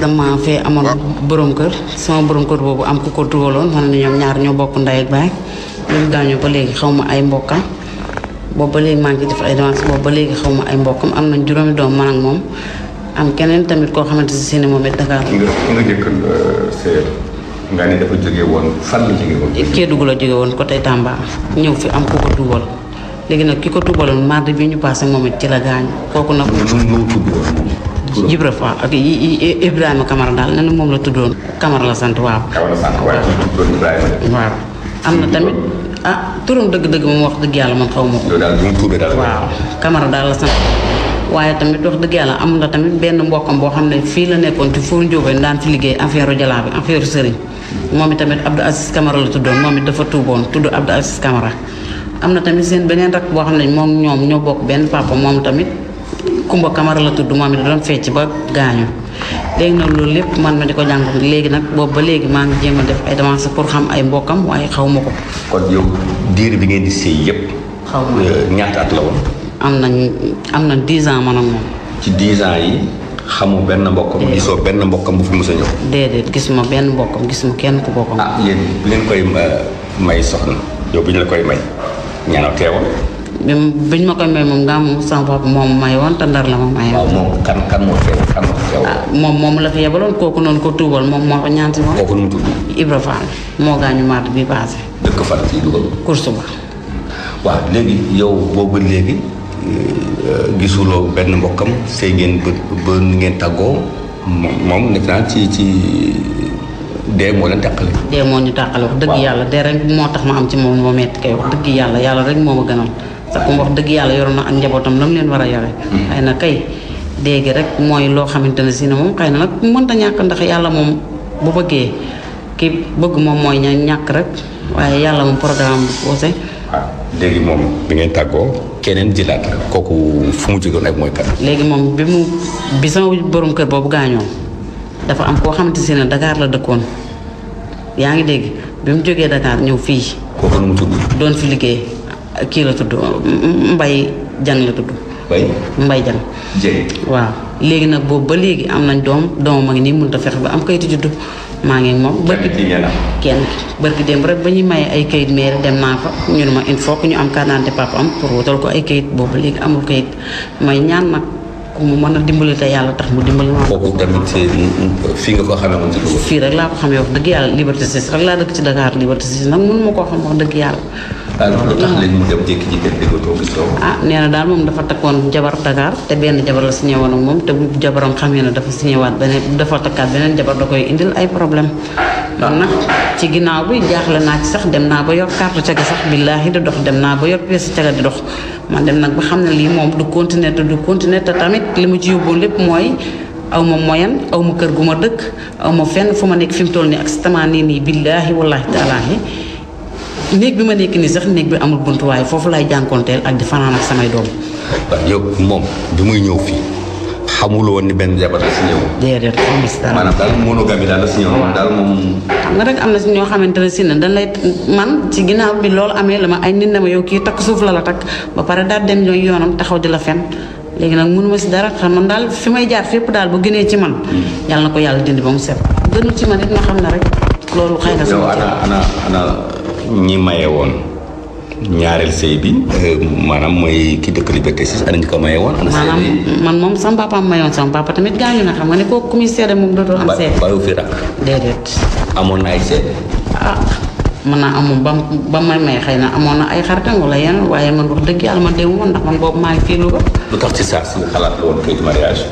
dama fe amoon borom kër sama borom kër boobu am ku ko dugaloon ma ne ñoom ñaar ñoo bokk ndey ak baay ñu gaañoo ba léegi xaw ma ay mbokkam boobu ba léegi maa ngi def ay démarches boobu ba léegi xaw ma ay mbokkam am nañ juróomi doom man ak moom am keneen tamit koo xamante si ne moom it Dakar. ki nga ki nga jëkkal euh, seet nga ne dafa jóge woon fan la jóge woon. Kédougou la jóge woon côté Tamba ñëw fi am ku ko dugal léegi nag ki ko dugaloon mardi bi ñu passé moom it ci la gaañu kooku nag. nu nu tudd Jibra Fall ak Ibrahima Kamara dal, nee na moom la tuddoon Kamara la sant waaw. Kamara la sant waaw kii Ibrahima. waaw am tamit ah turam dëgg-dëgg moom wax dëgg yàlla man xaw ma ko. loolu daal dal mu Kamara daal la sant. waaye tamit wax dëgg yàlla am na tamit benn mbokkam boo xam ne fii la nekkoon ci Fóor Ndiobène daan fi liggéey affaire jalaa bi affaire sëriñ moom it tamit Abdou Aziz Camara la tuddoon moom dafa tuuboon tudd Abdou Aziz Camara am tamit seen rak ñoo benn papa tamit Kumba Kamara la tudd moom it doon fecc ba gaañu léegi nag loolu lépp man ma di ko jàng léegi nag boobu ba léegi maa ngi jéem def ay demances pour xam ay mbokkam waaye xaw ma ko. kon yow diir bi ngeen di sëy yëpp. xaw ma euh, at la woon. am nañ am na dix ans man ak moom. ci dix ans yi. xamu benn mbokkam gisoo benn mbokkam bu fi mos a ñëw. déedéet gisuma benn mbokkam gisuma kenn ku bokkam. ah yéen bu leen koy euh, may soxna yow bu ñu la koy may ñaanal teewal. biñ ma koy may moom nga am sama papa moom may woon te ndar la ma may moom kan kan mo fe kan moo teew ah, moom moom la fi yebaloon kooku noonu ko tuubal moom mo ko ñaan si moom kooku nu mu tudd Ibra Fall moo gaañu maat bi passé dëkk fan ci dugal course ba waaw léegi yow boobu léegi euh, gisuloo benn mbokkam sëy ngeen ba ba ni ngeen tàggoo moom nekk naa ci ci dee moo leen tàqale dee moo ñu tàqale wax dëgg yàlla dee rek mo tax ma am ci moom moo metti kay wax dëgg yàlla yàlla rek mo ma gënal sax wax dëgg yàlla yoroon na ak njabootam la mu leen war a yore. Mm-hmm. xëy na kay dégg rek mooy loo xamante ne si ne moom xay na nag mënta ñàkk ndax yàlla moom bu bëggee ki bëgg moom mooy ña ñàkk rek waaye yàlla moom programme bu posé. Ah, léegi moom bi ngeen tàggoo keneen jëlaat kooku fu mu jógoon ak mooy kan. léegi moom bi mu bisa sama borom kër boobu gaañoo dafa am koo xamante si ne Dakar la dëkkoon yaa ngi dégg bi mu jógee Dakar ñëw fii. kooku doon fi liggéey. ki la tuddu mbay jang la tudd mbay mbay jan waaw léegi nak bo ba léegi am nañ dom doomam ak ni munta fex ba am kayit juddu ma ngi ki ñala kenn ki dem rek ba ñuy maye ay kayit mer dem na fa ñu ma il faut ñu am carte papa am pour wutal ko ay kayit ba léegi amul kayit may ñaan nak ku mu mën dimbali ta yalla tax mu dimbali ma ko tamit eh, fi nga ko xamé mo ci fi rek la ko xamé wax deug yalla liberté c'est rek la dëkk ci Dakar liberté c'est nak mënuma koo xam wax deug yalla lu tax leen mu dem jékki-jékki di ko toog gis ah nee na daal moom dafa takkoon jabar Dakar te benn jabar la signé woon ak moom te bu jabaram xamee dafa signé waat beneen dafa takkaat beneen jabar da koy indil ay problème man nag ci ginnaaw bi jaaxle naa ci sax dem naa ba yor carte caga sax di dox dem naa ba yor pièce caga di dox man dem nag ba xam ne lii moom du continuer te du continuer te tamit li mu ci yóbboon lépp mooy aw ma moyen aw ma kër gu ma dëkk aw ma fenn fu ma nekk fi mu toll nii ak nii nii taalaahi néeg bi ma nekk nii sax néeg bi amul bunt waaye foofu lay jànkoonteel ak di fanaan ak samay doom. waaw moom bi muy ñëw fii xamul woon ni benn jabar la si ñëw. déedéet daal la rek am na si ñoo xamante ne si ne dañ man ci ginnaaw bi loolu amee la ma ay nit na ma yow kii takk suuf la la takk ba pare daal dem ñooy yoonam taxaw di la fen léegi nag munuma si dara xam man daal fi may jaar fépp daal bu gënee ci man. yàlla na ko yàlla dindi ba mu set. gënul ci man it nga xam ne rek loolu xëy na. sama ana ñi maye woon ñaareel sëy bi euh, maanaam mooy kii dëkk Liberté 6 ana ñu ko maye woon. ana sëy bi man moom sama papaam mayoon sama papa tamit gaañu na xam ma ne kooku ku muy seede moom dootoo am seede. ba bayu fi rak. déedéet. amoon na ay seede. ah mën naa amoon ba xëy na amoon na ay xaritam la yenn waaye man wax dëgg yàlla man dewu woon ndax man boobu maa ngi fii Louga. lu tax ci saa si nga xalaat woon kii mariage.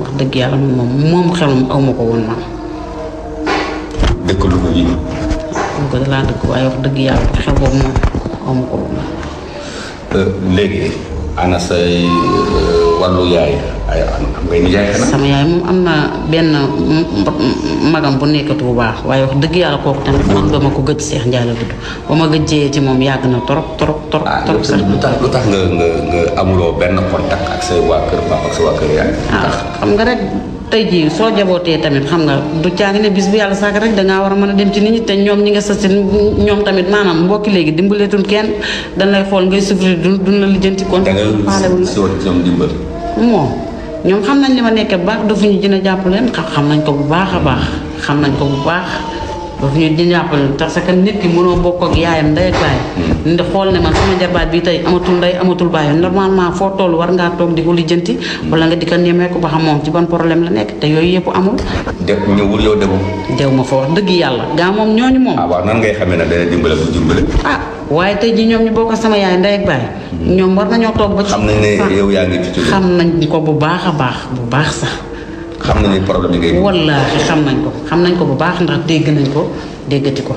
wax dëgg yàlla moom moom xelum aw ma ko woon man. dëkk Louga ñu ko dalaa dëgg yàlla xew boobu euh, euh, am na benn magam bu nekkatu bu baax waaye wax dëgg yàlla kooku ma ko gëj Cheikh Ndiaye ma gëjee ci moom yàgg na trop trop trop ah, trop sax lu tax nga nga amuloo benn contact ak say waa kër papa ak sa waa kër yaay. Ah, xam nga rek. tey jii soo jabootee tamit xam nga du caagi ne bis bu yàlla sàkk rek dangaa war a mën a dem ci nit ñi te ñoom ñi nga sasi ñoom tamit maanaam mbokki léegi dimbaleetul kenn dañ lay xool ngay souffrir du duñ la lijjanti kon moom ñoom xam nañ li ma nekkee baax dafa ñu gën a jàppale xam nañ ko bu baax a baax xam nañ ko bu baax fii di ñàppal parce que nit ki mënoo bokk ak iya, yaayam hmm. ndey ak baay nda xool ne man sama jabaat bi tey amatul ndey amatul baay normalement foo toll war ngaa toog di ko lijjanti hmm. wala nga di ko nemeeku ba xam moom ci ban problème la nekk te yooyu yëpp amul de ñëwul yow demoo dew ma fa wax dëgg yàlla gaa moom ñooñu moom ah waaw nan ngay xamee ne dana dimbale bu dimbale ah waaye tey ji ñoom ñu bokk sama yaay ndey ak baay hmm. ñoom war nañoo toog ba ci xam nañ ne yow yaa ngi ci xam nañ ko bu baax baax bu baax sax xam nañ ni problème yi ngay. wallaahi xam nañ ko xam nañ ko bu baax ndax dégg nañ ko déggati ko.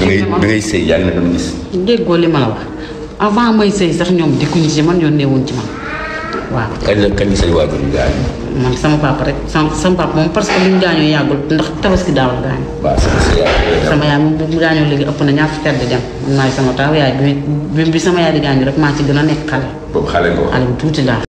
bi ngay bi ngay sëy yaa ngi doon gis. déggoo li ma la wax avant may sëy sax ñoom dikkuñu ci man yónnee wuñ ci man waaw. kañ la kañ say waajur sama papa rek sama sama papa moom parce que li mu gaañoo yàggul ndax tabaski daaw a gaañu. waaw sama yaay mu gaañoo léegi ëpp na ñaar fukki at di dem maay sama taaw yaay bi bi sama yaay di gaañu rek maa ci gën a nekk xale. boobu xale nga tuuti daal.